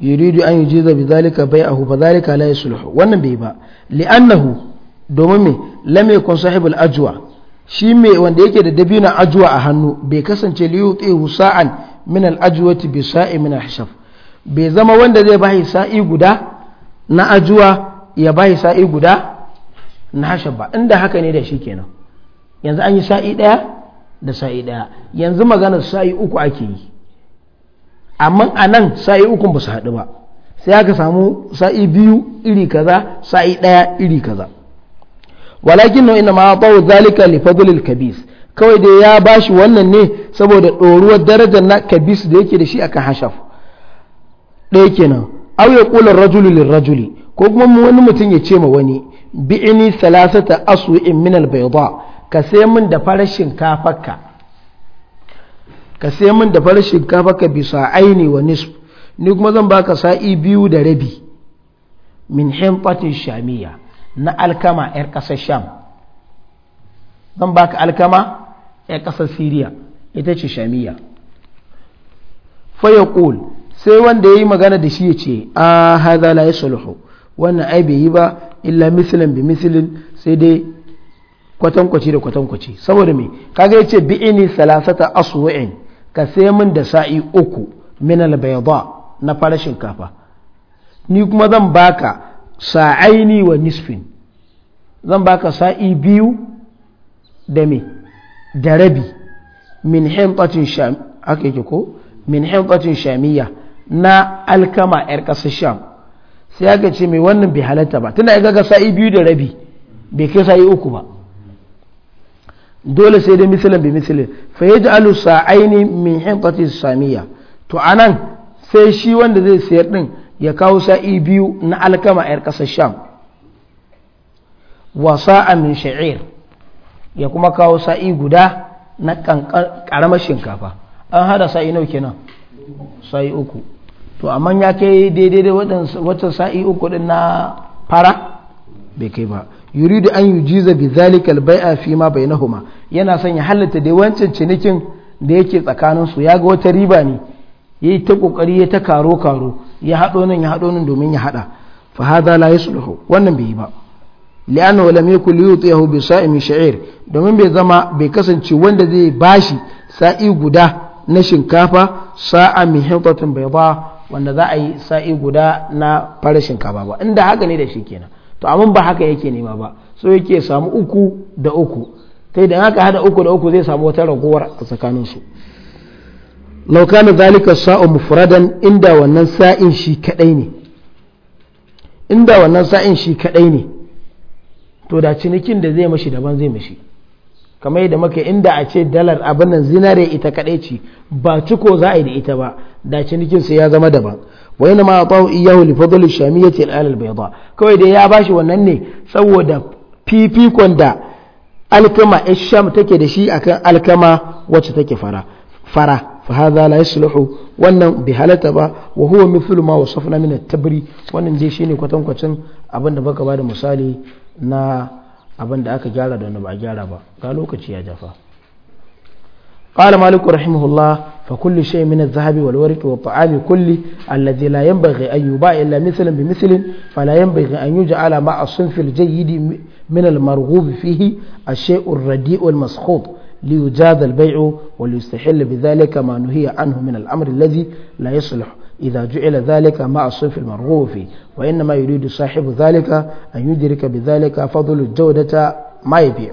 yuridu an yujiza bi zalika bai'ahu fa zalika la yusluhu wannan bai ba li'annahu domin me lam yakun sahibul ajwa shi mai wanda yake da dabina ajuwa a hannu bai kasance liyuti sa'an min al-ajwati bi sa'i min al bai zama wanda zai bahi sa'i guda na ajuwa ya bahi sa'i guda na hashab ba inda haka ne da shi kenan yanzu an yi sa'i daya da sa'i daya yanzu maganar sa'i uku ake yi amma a nan sa'i uku ba su haɗu ba sai aka samu sa'i biyu iri kaza sa'i ɗaya iri kaza walakin ina ma zalika li fadlil kabis kawai dai ya bashi wannan ne saboda ɗoruwar darajar na kabis da yake da shi akan hashaf ɗaya kenan aw ya qula rajulu lirajuli ko kuma wani mutum ya ce ma wani bi'ini salasata aswi'in min albayda ka sai min da farar shinkafarka ka sai min da farar shinkafarka bisa aini wa nisf ni kuma zan baka sa'i biyu da rabi min hintatin shamiya na alkama 'yar ƙasar sham zan ba ka alkama 'yar ƙasar siriya ita ce shamiya faya ƙul sai wanda ya yi magana da shi ya ce a haza la ya sulhu wannan ai bai yi ba illa misilin bi misilin sai dai kwatankwaci da kwatankwaci saboda me kaga yace bi ini salasata aswa'in ka sai min da sa'i uku min al na fara shinkafa ni kuma zan baka sa'aini wa nisfin zan baka sa'i biyu da me da rabi min hintatin sham haka yake ko min hintatin shamiya na alkama yar ƙasar sham sai aka ce mai wannan bai halatta ba tunda ya ga sa'i biyu da rabi bai kai sa'i uku ba dole sai dai misalin bi misalin fa yaj'alu sa'aini min hintatin shamiya to anan sai shi wanda zai sayar din ya kawo sa'i biyu na alkama a 'yar ƙasar sham wa sa'a sha'ir ya kuma kawo sa'i guda na ƙaramar shinkafa an hada sa'i nau kenan sa'i uku to amma ya kai daidai da wata sa'i uku din na fara bai kai ba yuridu an yujiza bi zalikal bai'a fi ma bainahuma yana son ya halatta da wancan cinikin da yake tsakanin su ga wata riba ne yayi ta ƙoƙari ya ta karo karo ya haɗo nan ya haɗo nan domin ya haɗa fa hada la yasluhu wannan bai yi ba wa lam yakul yutihu bi sa'im sha'ir domin bai zama bai kasance wanda zai bashi sa'i guda na shinkafa sa'a min hitatin bayda wanda za a yi sa'i guda na fara shinkafa ba inda haka ne da shi kenan to amma ba haka yake nema ba so yake samu uku da uku sai da haka hada uku da uku zai samu wata ragowar tsakaninsu su law zalika dhalika sa'u mufradan inda wannan sa'in shi kadai ne inda wannan sa'in shi kadai ne to da cinikin da zai mashi daban zai mashi kamar yadda muka inda a ce dalar abin nan zinare ita kadai ce ba ciko za a yi da ita ba da cinikin sai ya zama daban wa yana ma atahu iyahu li fadl shamiyati al al bayda kawai dai ya bashi wannan ne saboda fifikon da alkama isham take da shi akan alkama wacce take fara fara fa hadha la yasluhu wannan bai halata ba wa huwa mithlu ma wasafna min at-tabri wannan da shine kwatankwacin abin da baka bada misali na abin aka gyara da wanda ba a gyara ba ga lokaci ya jafa قال مالك رحمه الله فكل شيء من الذهب والورق والطعام كل الذي لا ينبغي ba يباع إلا مثلا بمثل فلا ينبغي alama يجعل مع الصنف الجيد من المرغوب فيه الشيء الرديء والمسخوط ليجاد البيع وليستحل بذلك ما نهي عنه من الأمر الذي لا يصلح إذا جعل ذلك مع الصنف المرغوب فيه وإنما يريد صاحب ذلك أن يدرك بذلك فضل الجودة ما يبيع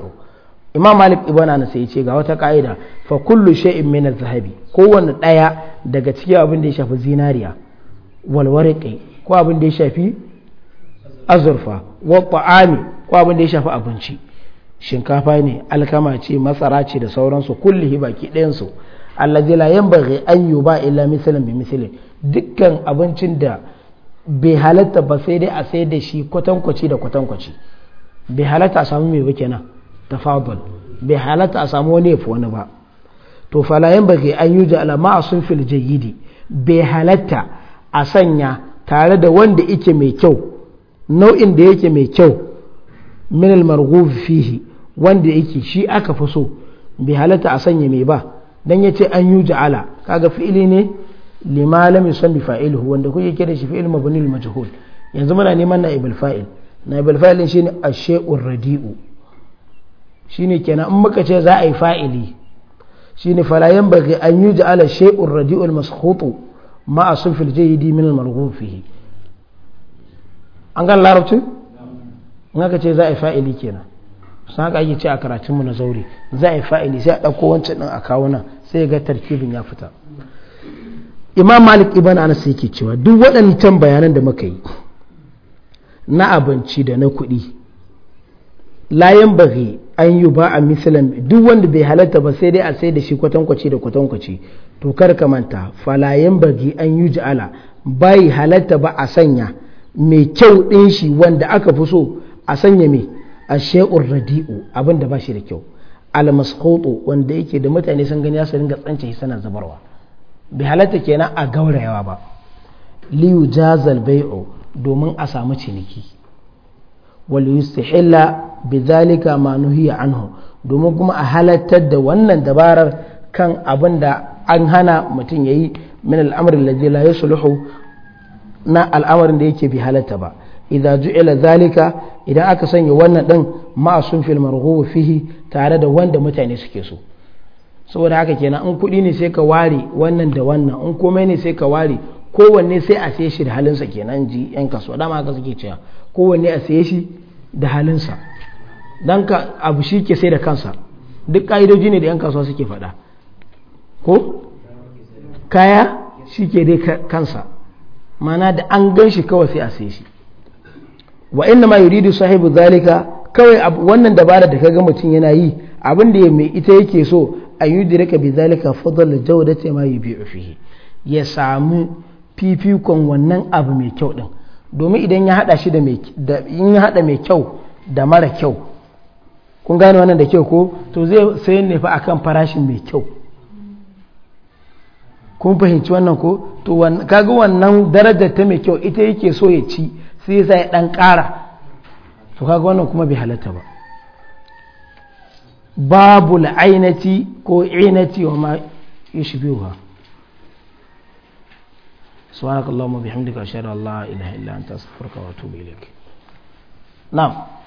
إمام مالك ابن أنس يتي ga wata ka'ida fa kullu shay'in min az-zahabi kowanne daya daga cikin abin da ya shafi zinariya wal warqi ko abin da ya shafi azurfa wa ta'ami ko abin da ya shafi abinci shinkafa ne alkama ce masara ce da sauransu kullihi baki ɗayansu allazi la yanbaghi an ba illa misalin bi misalin dukkan abincin da bai halatta ba sai dai a sai da shi kwatankwaci da kwatankwaci bai halatta a samu mai ba kenan tafadul bai halatta a samu wani yafi wani ba to fala yanbaghi an alama ala sun fil jayyidi bai halatta a sanya tare da wanda yake mai kyau nau'in da yake mai kyau min al fihi wanda yake shi aka fi so bai halatta a sanya mai ba dan ya ce an yi ja'ala kaga fi'ili ne lima lam bi fa'iluhu wanda kuke kira shi fi'il mabni al majhul yanzu muna neman na ibul fa'il na ibul fa'il shine a shayur radi'u shine kenan in muka ce za a yi fa'ili shine fala bagai an ja'ala shay'ur radi'u al maskhutu ma'a sunfil jayyidi min al marghub fihi an ga larabci in aka ce za a yi fa'ili kenan sun haka ake ce a karatunmu na zaure za a yi fa'ili sai a ɗauko wancan ɗin a kawo nan sai ya ga tarkibin ya fita imam malik ibn anas yake cewa duk waɗancan bayanan da muka yi na abinci da na kuɗi layan bari an yi ba a misalan duk wanda bai halatta ba sai dai a sai da shi kwatankwace da kwatankwace to kar ka manta falayan bari an yi ji'ala bai halatta ba a sanya mai kyau ɗin shi wanda aka fi so a sanya mai ashe'ur radi'u abinda ba shi da kyau almaskhutu wanda yake da mutane sun gani su ringa tsance shi sana zubarwa bi halatta kenan a gaurayawa ba liyu jazal bai'u domin a samu ciniki wal yustahilla bidhalika ma nuhiya anhu domin kuma a halattar da wannan dabarar kan abin da an hana mutum yayi min al'amarin da la yusluhu na al'amarin da yake bi halatta ba idza ju'ila zalika idan aka sanya wannan din ma'asun fil marghub fihi tare da wanda mutane suke so saboda haka kenan in kuɗi ne sai ka ware wannan da wannan in komai ne sai ka ware kowanne sai a saye shi da halinsa kenan ji yan kasuwa dama haka suke cewa kowanne a saye shi da halinsa dan ka abu shi ke sai da kansa duk ka'idoji ne da yan kasuwa suke faɗa ko kaya shi ke dai kansa mana da an gan shi kawai sai a saye shi wa inna ma yuridu sahibu zalika kawai wannan dabara da kaga mutum yana yi abin da mai ita yake so an direka bi zalika fadal jawdati ma yubi'u fihi ya samu fifikon wannan abu mai kyau din domin idan ya hada shi da mai in ya hada mai kyau da mara kyau kun gane wannan da kyau ko to zai sai ne fa akan farashin mai kyau kun fahimci wannan ko to kaga wannan darajar ta mai kyau ita yake so ya ci sai zai dan kara to kaga wannan kuma bai halatta ba babu la'ainati ko inati wa ma yashbihuha subhanakallahumma bihamdika ashhadu an la ilaha illa anta astaghfiruka wa atubu ilaik na'am